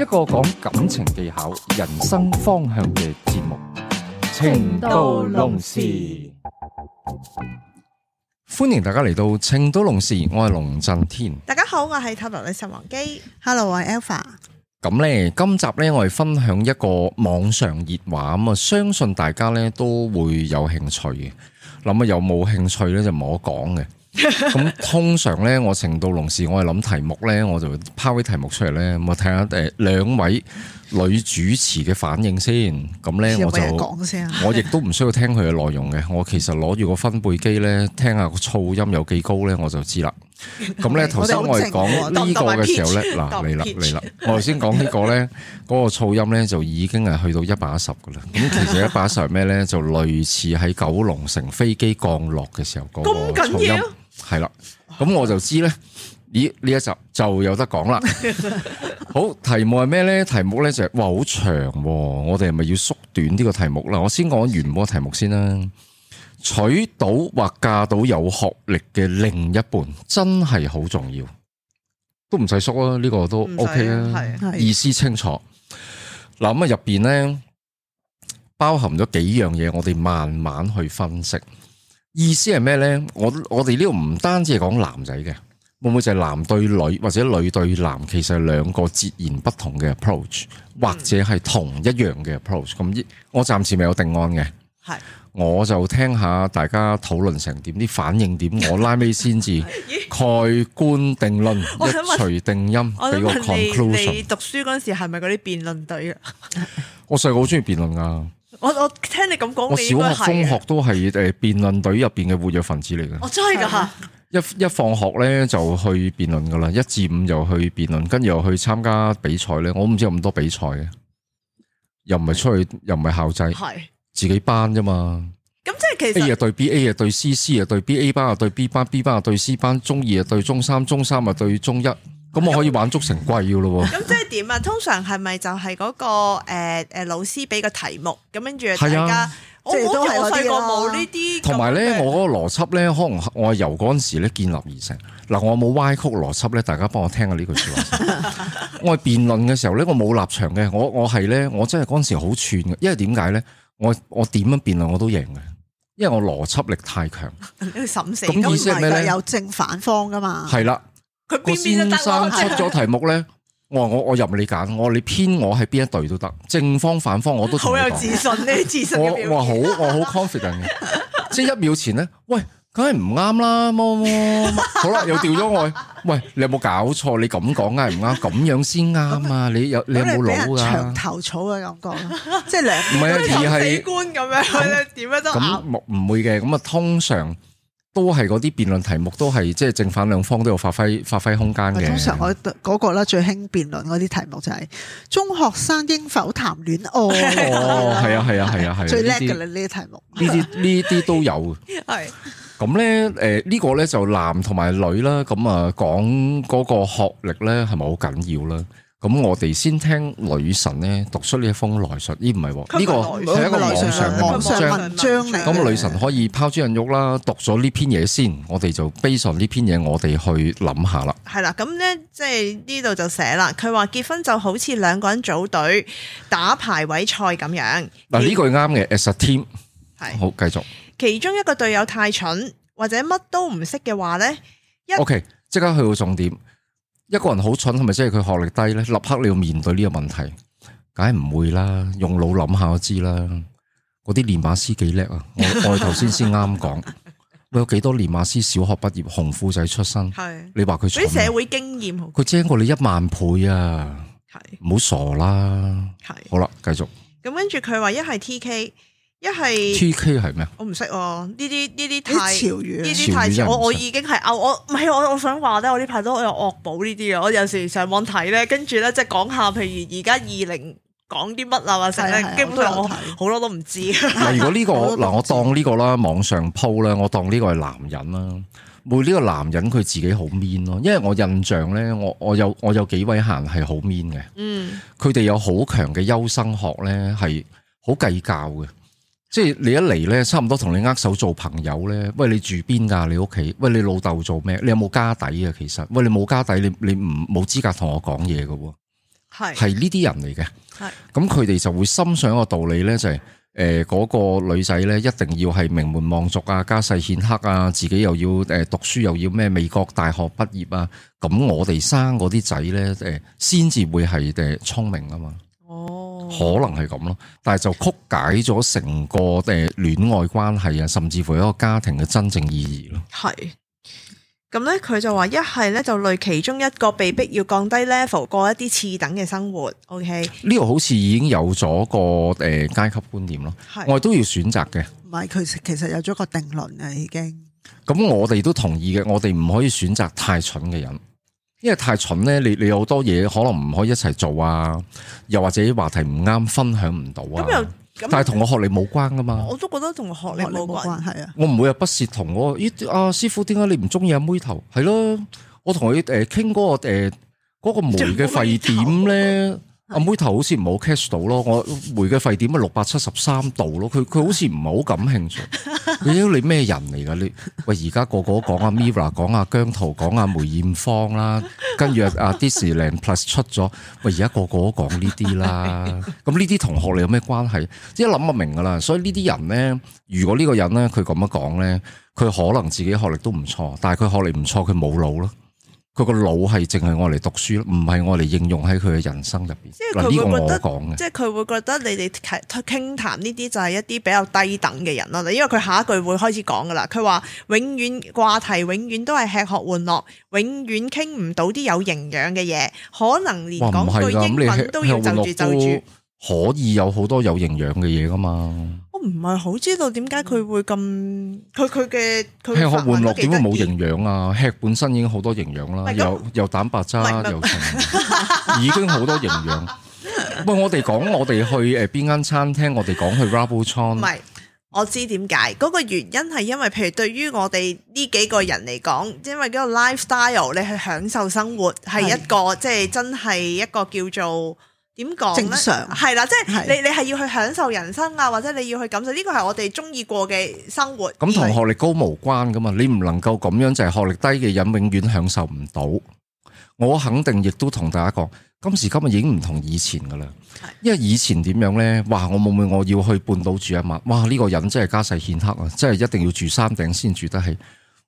一個講感情技巧、人生方向嘅節目《情到濃時》，歡迎大家嚟到《情到濃時》。我係龍震天。大家好，我係塔羅女神王姬。Hello，我係 Alpha。咁咧，今集咧我哋分享一個網上熱話，咁啊，相信大家咧都會有興趣嘅。咁啊，有冇興趣咧就唔好講嘅。咁 通常咧，我成道龍時，我係諗題目咧，我就拋啲題目出嚟咧，我睇下誒兩位女主持嘅反應先。咁咧，我就 我亦都唔需要聽佢嘅內容嘅。我其實攞住個分貝機咧，聽下個噪音有幾高咧，我就知啦。咁咧，頭先我係講呢個嘅時候咧，嗱嚟啦嚟啦，我頭先講呢個咧，嗰、那個噪音咧就已經係去到一百一十噶啦。咁其實一百一十咩咧？就類似喺九龍城飛機降落嘅時候嗰、那個噪音。嗯嗯。係啦，咁我就知咧。咦，呢一集就有得講啦。 好，題目係咩咧？題目咧就係、是、哇，好長、哦。我哋係咪要縮短呢個題目啦？我先講完個題目先啦。娶到或嫁到有學歷嘅另一半，真係好重要。都唔使縮啊，呢、這個都用 OK 啊，意思清楚。嗱咁啊，入邊咧包含咗幾樣嘢，我哋慢慢去分析。意思係咩呢？我我哋呢度唔單止係講男仔嘅，會唔會就係男對女或者女對男，其實係兩個截然不同嘅 approach，或者係同一樣嘅 approach？咁、嗯、我暫時未有定案嘅，係是我就聽下大家討論成點，啲反應點，我拉尾先至蓋棺定論，一錘定音，俾個 conclusion。你讀書嗰陣時係咪嗰啲辯論隊啊？我細個好中意辯論噶。我我聽你咁講，我小學中學都係誒辯論隊入邊嘅活躍分子嚟嘅。我真係噶吓！一一放學咧就去辯論噶啦，一至五又去辯論，跟住又去參加比賽咧。我唔知有咁多比賽嘅，又唔係出去，又唔係校際，係自己班啫嘛。咁即係其實 A 又對 B，A 又對 C，C 又對 B，A 班又對 B 班，B 班又對 C 班，中二又對中三，中三又對中一。咁我可以玩足成貴要咯喎！咁即係點啊？通常係咪就係嗰、嗰個誒誒、呃、老師俾個題目，咁跟住大家即係都細個啊！冇、哦、呢啲。同埋咧，我嗰個邏輯咧，可能我由嗰陣時咧建立而成。嗱，我冇歪曲邏輯咧，大家幫我聽下呢句話說話。 我係辯論嘅時候咧，我冇立場嘅。我我係咧，我真係嗰陣時好串嘅，因為點解咧？我我點樣辯論我都贏嘅，因為我邏輯力太強。咁 意思係咩咧？有正反方噶嘛？係啦。個先生出咗題目咧， 我話我我任你揀，我你編我喺邊一隊都得，正方反方我都好有自信呢，自信 我話好，我好 confident 嘅，即係一秒前咧，喂，梗係唔啱啦，冇冇，好啦，又掉咗我，喂，你有冇搞錯？你咁講係唔啱，咁樣先啱啊？你有你有冇腦噶？長頭草嘅感覺，即係兩唔係啊？題係是官咁樣點樣都啱。咁唔會嘅，咁啊通常。都係嗰啲辯論題目，都係即係正反兩方都有發揮發揮空間嘅。通常我嗰、那個咧最興辯論嗰啲題目就係、是、中學生應否談戀愛？係、哦 哦、啊係啊係啊係、啊啊啊、最叻嘅啦！呢啲題目呢啲呢啲都有。係咁咧，誒呢、呃這個咧就男同埋女啦，咁啊講嗰個學歷咧係咪好緊要啦？咁我哋先聽女神咧讀出呢一封來信，呢唔係呢個係一個網上嘅文章，咁女神可以拋磚引玉啦，讀咗呢篇嘢先，我哋就 base on 呢篇嘢，我哋去諗下啦。係啦，咁咧即係呢度就寫啦，佢話結婚就好似兩個人組隊打排位賽咁樣。嗱呢個係啱嘅，as a team 係的好，繼續。其中一個隊友太蠢或者乜都唔識嘅話咧，O K 即刻去到重點。一個人好蠢係咪即係佢學歷低咧？立刻你要面對呢個問題，梗係唔會啦。用腦諗下就知啦。嗰啲練馬師幾叻啊！ 我我頭先先啱講，有幾多練馬師小學畢業，紅褲仔出身。係的你話佢俾社會經驗，佢精過你一萬倍啊！係唔的的好傻啦！係好啦，繼續。咁跟住佢話一係 T K。一係 T K 係咩？我唔識哦，呢啲呢啲太潮呢啲太潮。我我已經係我我唔係我我想話咧，我呢排都有惡補呢啲嘅。我有時上網睇咧，跟住咧即係講下，譬如而家二零講啲乜啊，或者基本上我好多都唔知。 如果呢、呢個嗱，我當呢個啦，網上鋪啦，我當呢個係男人啦。每呢個男人佢自己好 man 咯，因為我印象咧，我我有我有幾位閒係好 man 嘅，嗯，佢哋有好強嘅優生學咧，係好計較嘅。即係你一嚟咧，差唔多同你握手做朋友咧。喂，你住邊噶？你屋企？喂，你老豆做咩？你有冇家底啊？其實，喂，你冇家底，你你唔冇資格同我講嘢噶喎。係係呢啲人嚟嘅。係咁，佢哋就會心想個道理咧，就係誒，嗰個女仔咧，一定要係名門望族啊，家世顯赫啊，自己又要誒讀書，又要咩美國大學畢業啊。咁我哋生嗰啲仔咧，誒，先至會係誒聰明啊嘛。可能係咁咯，但係就曲解咗成個誒戀愛關係啊，甚至乎一個家庭嘅真正意義咯。係咁咧，佢就話一係咧就累其中一個被逼要降低 level 過一啲次等嘅生活。OK，呢個好似已經有咗個誒階級觀念咯。是我都要選擇嘅。唔係，佢其實有咗個定論啊，已經。咁我哋都同意嘅，我哋唔可以選擇太蠢嘅人。.因為太蠢咧，你你有好多嘢可能唔可以一齊做啊，又或者話題唔啱，分享唔到啊。咁又，但係同我學歷冇關噶嘛？我都覺得同我學歷冇關係啊。我唔會有不屑同我，咦？阿、啊、師傅點解你唔中意阿妹頭？係咯，我同佢誒傾嗰個誒、呃嗰個煤嘅沸點咧。阿妹頭好似唔好 catch 到咯，我梅嘅沸點咪六百七十三度咯，佢佢好似唔係好感興趣 你。你咩人嚟噶？你喂而家個個講阿 Mira，講阿姜濤，講阿梅艷芳啦，跟住阿 Disneyland Plus 出咗，喂而家個個都講呢啲啦。咁呢啲同學歷有咩關係？一諗就明噶啦。所以呢啲人咧，如果呢個人咧，佢咁樣講咧，佢可能自己學歷都唔錯，但係佢學歷唔錯，佢冇腦咯。佢個腦係淨係我嚟讀書，唔係我嚟應用喺佢嘅人生入邊。即係佢會覺得，即係佢會覺得你哋傾傾談呢啲就係一啲比較低等嘅人咯。因為佢下一句會開始講噶啦，佢話永遠話題永遠都係吃喝玩樂，永遠傾唔到啲有營養嘅嘢，可能連講句英文都要就住就住，可以有好多有營養嘅嘢噶嘛。唔係好知道點解佢會咁，佢佢嘅吃喝玩樂點會冇營養啊？吃本身已經好多營養啦，又又蛋白質啦，又已經好多營養。喂， 我哋講我哋去誒邊間餐廳，我哋講去 Rubble 倉。唔係，我知點解嗰個原因係因為，譬如對於我哋呢幾個人嚟講，因為嗰個 lifestyle 你去享受生活係一個即係真係一個叫做。點講咧？正常係啦，即係、就是、你你係要去享受人生啊，或者你要去感受呢個係我哋中意過嘅生活。咁同學歷高無關噶嘛？你唔能夠咁樣就係、是、學歷低嘅人永遠享受唔到。我肯定亦都同大家講，今時今日已經唔同以前噶啦。因為以前點樣咧？哇！我冇冇我要去半島住一晚？哇！呢、這個人真係家世顯赫啊！真係一定要住山頂先住得起。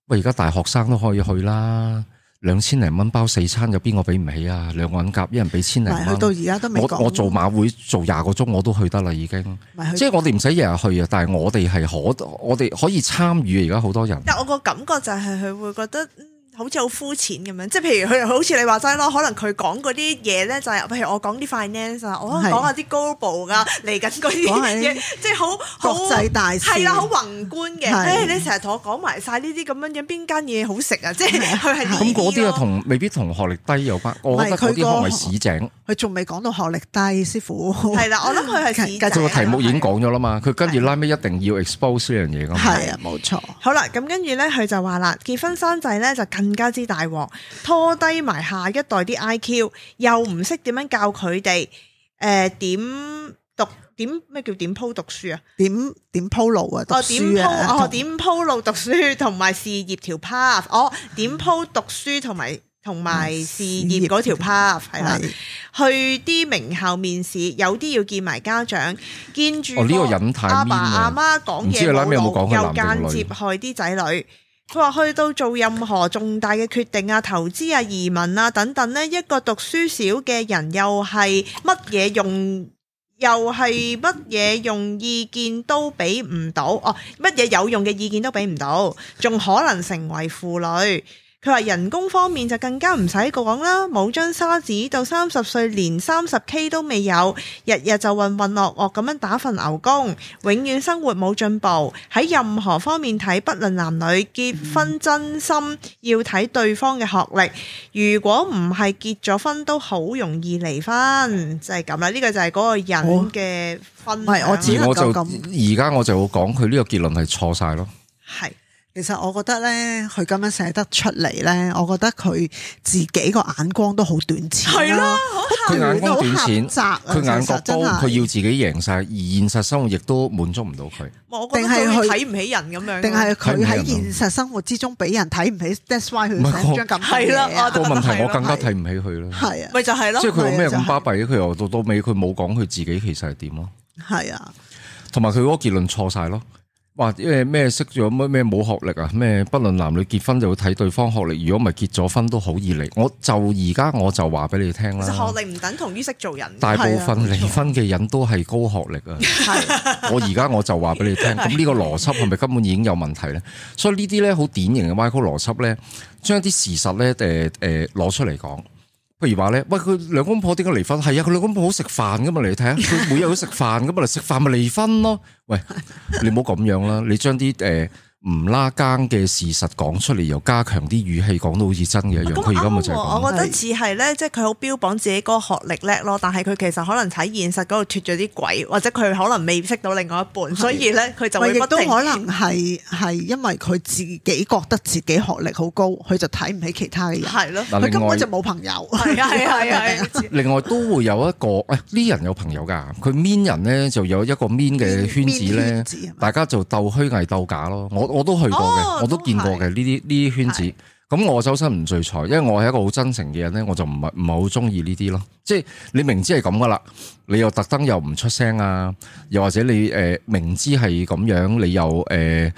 喂，而家大學生都可以去啦。兩千零蚊包四餐，有邊個畀唔起啊？兩個人夾，一人俾千零蚊。到而家都未。我做馬會做廿個鐘，我都去得啦，已經。到即係我哋唔使日日去啊，但係我哋係可，我哋可以參與。而家好多人。但我個感覺就係佢會覺得。好似好膚淺咁樣，即係譬如佢好似你話齋咯，可能佢講嗰啲嘢咧就係、是，譬如我講啲 finance 啊，我講下啲 global 噶，嚟緊嗰啲嘢，即係好好國際大事，係啦，好宏觀嘅。你成日同我講埋晒呢啲咁樣嘢，邊間嘢好食啊？即係佢係咁嗰啲，同未必同學歷低有關。我覺得嗰啲學為市井，佢仲未講到學歷低師傅。係 啦，我諗佢係繼續。佢個題目已經講咗啦嘛，佢跟住拉尾一定要 expose 呢樣嘢㗎嘛。係啊，冇錯。好啦，咁跟住咧，佢就話啦，結婚生仔咧就。更加之大鑊，拖低埋下一代啲 IQ，又唔識點樣教佢哋，誒、呃、點讀點咩叫點鋪讀書啊？點點鋪路啊？啊哦點鋪、哦、點鋪路讀書，同埋事業條 path，哦點鋪讀書同埋同埋事業嗰條 path 係啦，是去啲名校面試，有啲要見埋家長，見住呢個阿爸阿媽講嘢冇用，哦這個、有有又間接害啲仔女。佢話去到做任何重大嘅決定啊、投資啊、移民啊等等呢，一個讀書少嘅人又係乜嘢用，又係乜嘢用意見都俾唔到，哦，乜嘢有用嘅意見都俾唔到，仲可能成為婦女。佢話人工方面就更加唔使講啦，冇張沙紙，到三十歲連三十 K 都未有，日日就渾渾噩噩咁樣打份牛工，永遠生活冇進步。喺任何方面睇，不論男女結婚，嗯、真心要睇對方嘅學歷。如果唔係結咗婚，都好容易離婚，即係咁啦。呢個就係嗰個人嘅分。唔係，哦，我只能夠咁。而家我就會講佢呢個結論係錯晒咯。係。其實我覺得咧，佢咁樣寫得出嚟咧，我覺得佢自己個眼光都好短淺。係咯，佢眼光短淺，窄。佢眼角高，佢要自己贏晒，而現實生活亦都滿足唔到佢。唔係，我覺得佢睇唔起人咁樣。定係佢喺現實生活之中俾人睇唔起，that's why 佢寫張咁。係啦，個問題我更加睇唔起佢咯。係啊，咪就係咯。即係佢有咩咁巴閉？佢又到到尾，佢冇講佢自己其實係點咯。係啊，同埋佢嗰個結論錯晒咯。話因為咩識咗，乜咩冇學歷啊咩不論男女結婚就會睇對方學歷，如果唔係結咗婚都好易嚟。我就而家我就話俾你聽啦，學歷唔等同於識做人，大部分離婚嘅人都係高學歷啊。係，我而家我就話俾你聽，咁呢個邏輯係咪根本已經有問題咧？所以呢啲咧，好典型嘅歪曲邏輯咧，將啲事實咧誒誒攞出嚟講。譬如話咧，喂，佢兩公婆點解離婚？係啊，佢兩公婆好食飯噶嘛，你睇下佢每日都食飯噶嘛，嚟食 飯咪離婚咯。喂，你唔好咁樣啦，你將啲誒。呃唔拉更嘅事實講出嚟，又加強啲語氣，講到好似真嘅一樣。佢而家咪就係，我覺得似係咧，即係佢好標榜自己嗰個學歷叻咯。但係佢其實可能喺現實嗰度脫咗啲鬼，或者佢可能未識到另外一半，所以咧佢就亦都可能係係因為佢自己覺得自己學歷好高，佢就睇唔起其他嘅人，係咯。佢根本就冇朋友，係啊係啊係啊。另外都會有一個，誒呢啲人有朋友㗎，佢 mean 人咧就有一個 mean 嘅圈子咧，大家就鬥虛偽鬥假咯。我我都去過嘅，哦、我都見過嘅呢啲呢啲圈子。咁是的 我周身唔聚財，因為我係一個好真誠嘅人咧，我就唔係唔係好中意呢啲咯。即係你明知係咁噶啦，你又特登又唔出聲啊，又或者你誒、呃、明知係咁樣，你又誒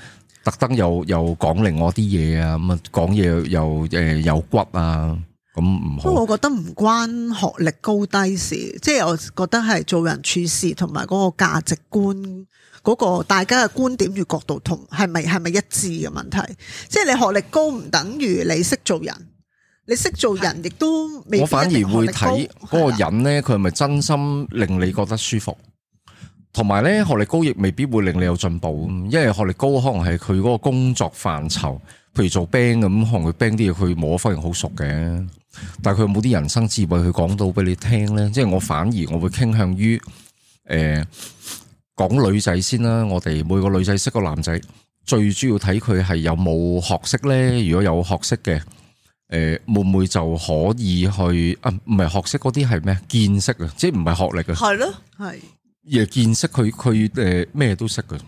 特登又又講令我啲嘢啊咁啊，講嘢又誒、呃、有骨啊，咁唔好。我覺得唔關學歷高低事，即係我覺得係做人處事同埋嗰個價值觀。嗰個大家嘅觀點與角度同係咪係咪一致嘅問題？即係你學歷高唔等於你識做人，你識做人亦都未必，我反而會睇嗰個人咧，佢係咪真心令你覺得舒服？同埋咧，學歷高亦未必會令你有進步，因為學歷高可能係佢嗰個工作範疇，譬如做 band 咁，可能佢 band 啲嘢，佢某一方面好熟嘅，但係佢有冇啲人生智慧去講到俾你聽咧？即係我反而我會傾向於誒。呃講女仔先啦，我哋每個女仔識個男仔，最主要睇佢係有冇學識咧。如果有學識嘅，誒、呃、妹妹就可以去啊？唔係學識嗰啲係咩見識啊？即係唔係學歷啊？係咯的，係，而係見識，佢佢誒咩都識噶。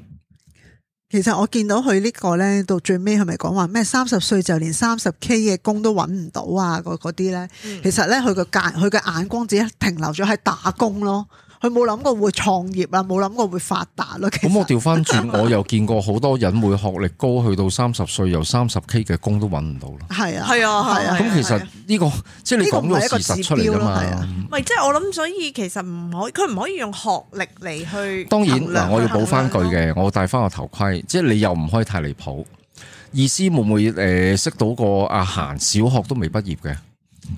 其實我見到佢呢、這個咧，到最尾係咪講話咩三十歲就連三十 K 嘅工都搵唔到啊？嗰啲咧，其實咧佢嘅眼佢嘅眼光只係停留咗喺打工咯。佢冇諗過會創業呀，冇諗過會發達咯。咁我調翻轉， 我又見過好多人會學歷高，去到三十歲由三十 K 嘅工都搵唔到咯。係啊，係啊，係啊。咁、啊、其實呢、這個、啊啊、即係你講咗個事實出嚟嘛。咪、啊嗯、即係我諗，所以其實唔可，佢唔可以用學歷嚟去。當然嗱，我要補翻句嘅，我戴翻個頭盔，即係你又唔可以太離譜。意思會唔會誒識到個阿嫻，小學都未畢業嘅？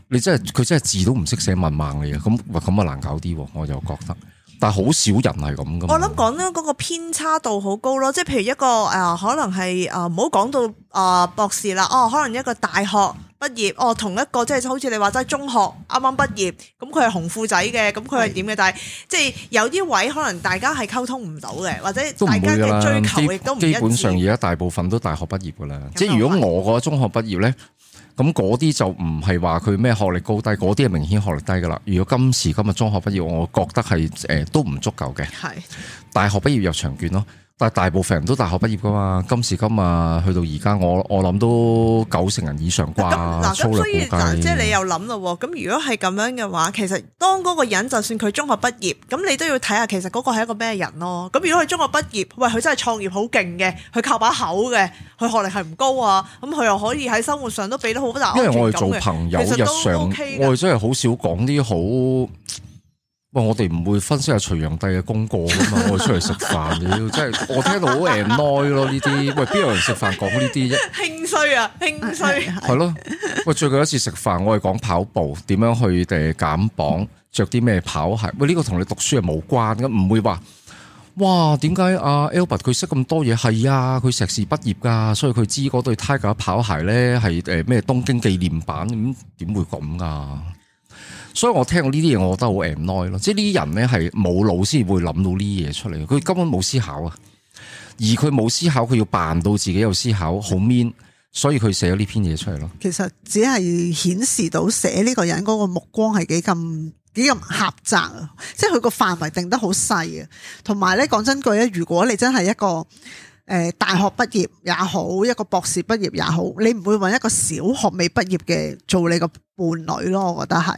你真係佢真係字都唔識寫文盲嚟嘅嘢，咁咁啊難搞啲，我就覺得。但係好少人係咁噶。我諗講咧，嗰個偏差度好高咯，即係譬如一個誒、呃，可能係誒，唔好講到誒、呃、博士啦。哦，可能一個大學畢業，哦，同一個即係好似你話齋中學啱啱畢業，咁佢係紅褲仔嘅，咁佢係點嘅？是 但係即係有啲位可能大家係溝通唔到嘅，或者大家嘅追求亦都唔同。基本上而家大部分都大學畢業噶啦，即係如果我個中學畢業咧。咁嗰啲就唔係話佢咩學歷高低，嗰啲係明顯學歷低噶啦。如果今時今日中學畢業，我覺得係誒、呃、都唔足夠嘅，是大學畢業入場券咯。但係大部分人都大學畢業噶嘛，今時今啊，去到而家我我諗都九成人以上掛粗略估計。咁嗱，所以即係你又諗咯喎。咁如果係咁樣嘅話，其實當嗰個人就算佢中學畢業，咁你都要睇下其實嗰個係一個咩人咯。咁如果佢中學畢業，喂佢真係創業好勁嘅，佢靠把口嘅，佢學歷係唔高啊，咁佢又可以喺生活上都俾得好大安全感嘅。因為我哋做朋友日常，我哋真係好少講啲好。喂，我哋唔會分析下隋煬帝嘅功過噶嘛？我哋出嚟食飯，真係我聽到好誒呆咯呢啲。喂，邊有人食飯講呢啲啫？輕衰啊，輕衰係咯。喂，最近一次食飯，我係講跑步點樣去誒減磅，着啲咩跑鞋。喂，呢個同你讀書係無關，咁唔會話。哇，點解阿 Albert 佢識咁多嘢？係啊，佢碩士畢業噶，所以佢知嗰對 Tiger 跑鞋咧係誒咩東京紀念版咁，點會咁噶？所以我聽過呢啲嘢，我覺得好 annoy 咯，即係呢啲人咧係冇腦先會諗到呢啲嘢出嚟，佢根本冇思考啊，而佢冇思考，佢要扮到自己有思考，好 mean，所以佢寫咗呢篇嘢出嚟咯。其實只係顯示到寫呢個人嗰個目光係幾咁幾咁狹窄啊，即係佢個範圍定得好細啊，同埋咧講真句咧，如果你真係一個。誒大學畢業也好，一個博士畢業也好，你唔會揾一個小學未畢業嘅做你個伴侶咯，我覺得係，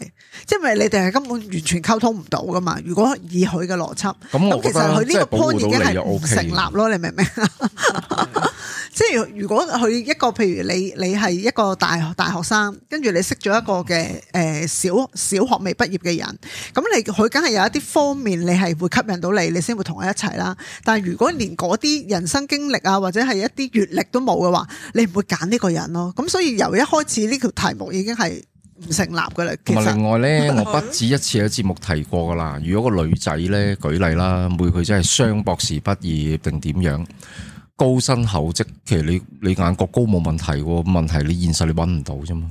因為你哋係根本完全溝通唔到噶嘛。如果以佢嘅邏輯，咁其實佢呢個 point 已經係唔成立咯，你明唔明？ 即係如果佢一個，譬如你你係一個大學大學生，跟住你識咗一個嘅誒小小學未畢業嘅人，咁你佢梗係有一啲方面你係會吸引到你，你先會同佢一齊啦。但係如果連嗰啲人生經歷啊，或者係一啲閱歷都冇嘅話，你唔會揀呢個人咯。咁所以由一開始呢條題目已經係唔成立嘅啦。其實，另外咧， 我不止一次喺節目提過噶啦。如果個女仔咧，舉例啦，每佢真係雙博士畢業定點樣？高薪厚職，其實你你眼角高冇問題，問題你現實你揾唔到啫嘛。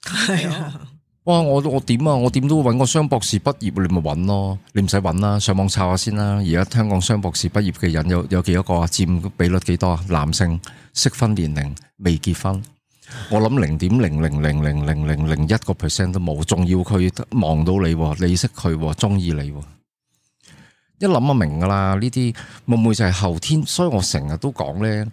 係啊，哇！我我點啊？我點都揾個雙博士畢業，你咪揾咯。你唔使揾啦，上網查下先啦。而家香港雙博士畢業嘅人有有幾多個啊？佔比率幾多啊？男性，適婚年齡，未結婚，我諗零點零零零零零零零一個 percent 都冇，仲要佢望到你，你識佢，中意你。一諗就明噶啦，呢啲會唔會就係後天？所以我成日都講呢，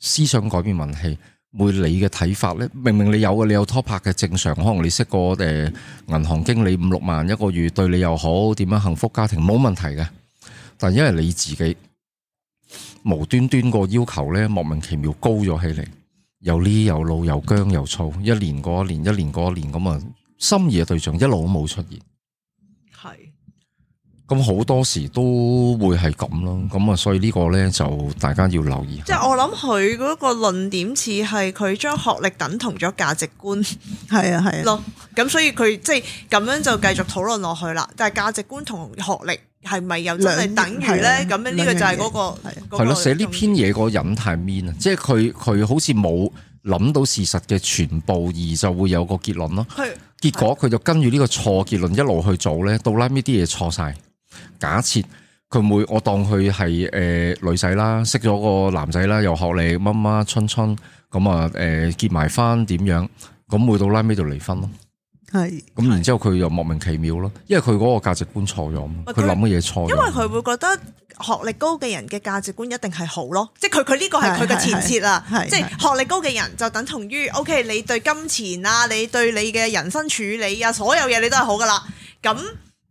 思想改變運氣。會你嘅睇法呢，明明你有嘅，你有拖拍嘅正常。可能你識過誒銀行經理五六萬一個月，對你又好，點樣幸福家庭冇問題嘅。但因為你自己無端端個要求呢，莫名其妙高咗起嚟，又呢又老又僵又粗，一年過一年，一年過一年咁啊，心儀嘅對象一路都冇出現。係。咁好多時都會係咁咯，咁啊，所以呢個咧就大家要留意。即係我諗佢嗰個論點似係佢將學歷等同咗價值觀，係啊係啊，啊咯。咁所以佢即係咁樣就繼續討論落去啦。但係價值觀同學歷係咪又真係等於咧？咁樣呢個就係嗰、那個係係咯。寫呢篇嘢個人太 mean 啊！即係佢佢好似冇諗到事實嘅全部，而就會有個結論咯。係、啊啊啊、結果佢就跟住呢個錯結論一路去做咧，到拉尾啲嘢錯晒。假設佢會，我當佢係誒女仔啦，識咗個男仔啦，又學歷乜乜春春咁啊，誒結埋婚點樣？咁去到拉尾就離婚咯。係咁是，然之後佢又莫名其妙咯，因為佢嗰個價值觀錯咗，佢諗嘅嘢錯咗。因為佢會覺得學歷高嘅人嘅價值觀一定係好咯，即係佢佢呢個係佢嘅前設啦。即係學歷高嘅人就等同於 OK，你對金錢啊，你對你嘅人生處理啊，所有嘢你都係好噶啦。咁。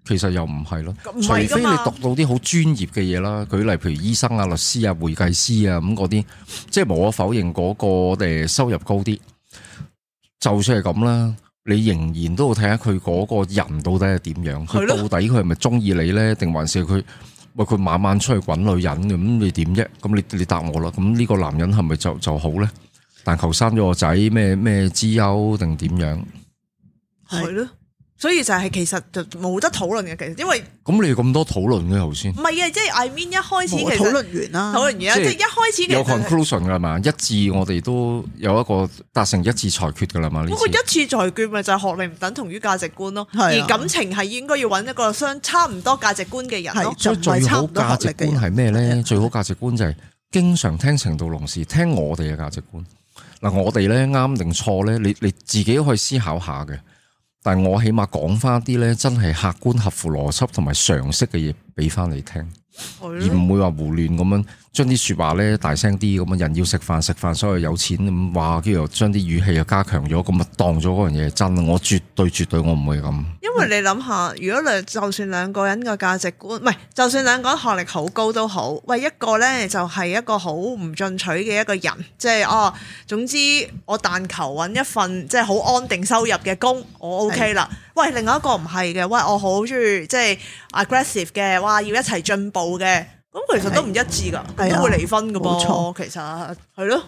其實又唔係咯，除非你讀到啲好專業嘅嘢啦，舉例譬如醫生啊、律師啊、會計師啊咁嗰啲，即係無可否認嗰、那個誒收入高啲。就算係咁啦，你仍然都要睇下佢嗰個人到底係點樣，佢到底佢係咪中意你咧？定還是佢喂，佢晚晚出去揾女人咁，你點啫？咁你你答我啦，咁呢個男人係咪就就好咧？但求生咗個仔咩咩之憂定點樣？係咯的。所以就係其實就冇得討論嘅，其實因為咁你咁多討論嘅頭先，唔係啊，即係 I mean 一開始其實討論完啦、啊，討論完即係一開始有 conclusion 噶嘛，一致我哋都有一個達成一致裁決噶啦嘛。不過、嗯、一次裁決咪就係學歷唔等同於價值觀咯，是啊、而感情係應該要揾一個相差唔多價值觀嘅人咯，即係是、啊、最好價值觀係咩咧？ 最好價值觀就係經常聽程度同氏，聽我哋嘅價值觀。嗱，我哋咧啱定錯咧？你你自己都可以思考下嘅。但我起碼講翻啲咧真係客觀合乎邏輯同埋常識嘅嘢畀翻你聽。對而唔會胡亂話胡亂咁樣將啲說話咧大聲啲咁樣！人要食飯食飯，所以有錢咁話，跟住又將啲語氣又加強咗，咁啊當咗嗰樣嘢係真，我絕對絕對我唔會咁。因為你諗下，如果兩就算兩個人嘅價值觀唔係，就算兩個人學歷好高都好，喂一個咧就係一個好唔進取嘅一個人，即係哦，總之我但求搵一份即係好安定收入嘅工，我 OK 啦。喂，另外一個唔係嘅，喂，我好中意即係、就是、aggressive 嘅，哇，要一齊進步嘅，咁其實都唔一致噶，的都會離婚噶，冇錯，其實係咯。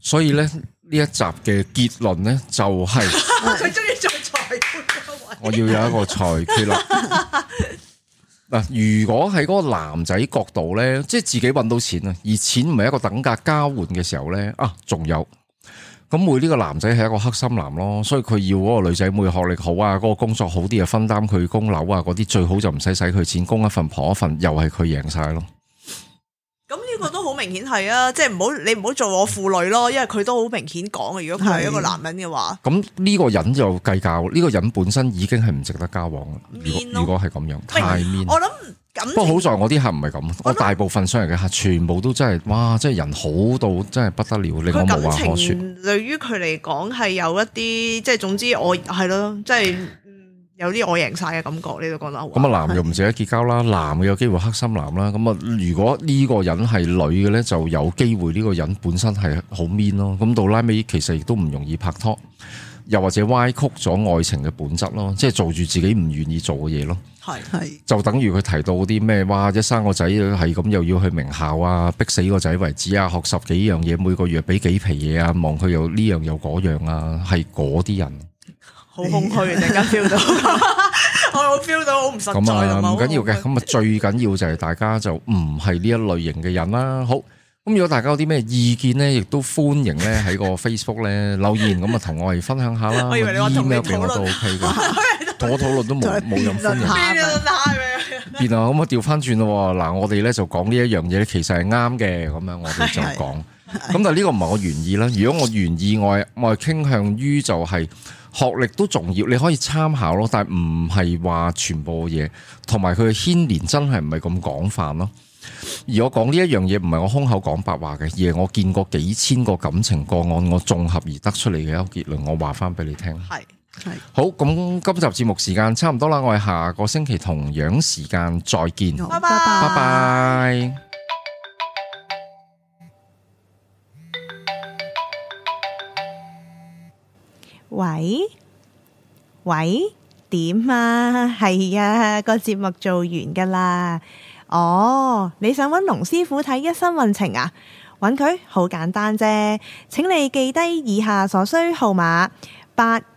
所以咧，呢一集嘅結論咧、就是，就係佢中意做裁判。 位我要有一個裁決啦嗱。 如果喺嗰個男仔角度咧，即係自己揾到錢啊，而錢唔係一個等價交換嘅時候咧，啊，仲有。咁每呢個男仔係一個黑心男咯，所以佢要嗰個女仔會學歷好啊，嗰個工作好啲啊，分擔佢供樓啊，嗰啲最好就唔使使佢錢，供一份，婆一份，又係佢贏晒咯。咁呢個都好明顯係啊，即係唔好你唔好做我婦女咯，因為佢都好明顯講啊，如果佢係一個男人嘅話，咁呢個人就計較呢、呢個人本身已經係唔值得交往 Mean 如。如果如果係咁樣，是太 mean，我諗。不過好在我啲客唔係咁，我大部分上嚟嘅客全部都真係，哇！真係人好到真係不得了，令我無話可説。對於佢嚟講係有一啲，即係總之我係咯，即係有啲我贏晒嘅感覺，你都覺得。咁啊、嗯是，男又唔捨得結交啦，男嘅有機會黑心男啦。咁啊，如果呢個人係女嘅咧，就有機會呢個人本身係好 man 咯。咁到拉尾其實亦都唔容易拍拖，又或者歪曲咗愛情嘅本質咯，即係做住自己唔願意做嘅嘢咯。係係，是 就等於佢提到啲咩哇，一生個仔係咁，又要去名校啊，逼死個仔為止啊，學十幾樣嘢，每個月俾幾皮嘢啊，望佢又呢樣又嗰樣啊，係嗰啲人，好空虛，突然間 feel 到，我 feel 到好唔實在。咁啊，唔緊要嘅，咁啊最緊要就係大家就唔係呢一類型嘅人啦。好，咁如果大家有啲咩意見咧，亦都歡迎咧喺個 Facebook 咧留言，咁啊同我哋分享下啦。我以為你 email 俾我都 OK 嘅。 同我討論都冇冇人歡迎。邊啊，咁啊調翻轉咯嗱，我哋咧就講呢一樣嘢，其實係啱嘅。咁樣我哋就講。咁是但係呢個唔係我願意啦。如果我願意，我我係傾向於就係學歷都重要，你可以參考咯。但係唔係話全部嘢，同埋佢牽連真係唔係咁廣泛咯。而我講呢一樣嘢，唔係我空口講白話嘅，而係我見過幾千個感情個案，我綜合而得出嚟嘅一個結論。我話翻俾你聽。是好，咁今集節目時間差唔多啦，我哋下個星期同樣時間再見，拜拜拜拜，喂。喂喂，點啊？係呀，啊，個節目做完噶啦。哦，你想揾龍師傅睇一生運程啊？揾佢好簡單啫，請你記低以下所需號碼八。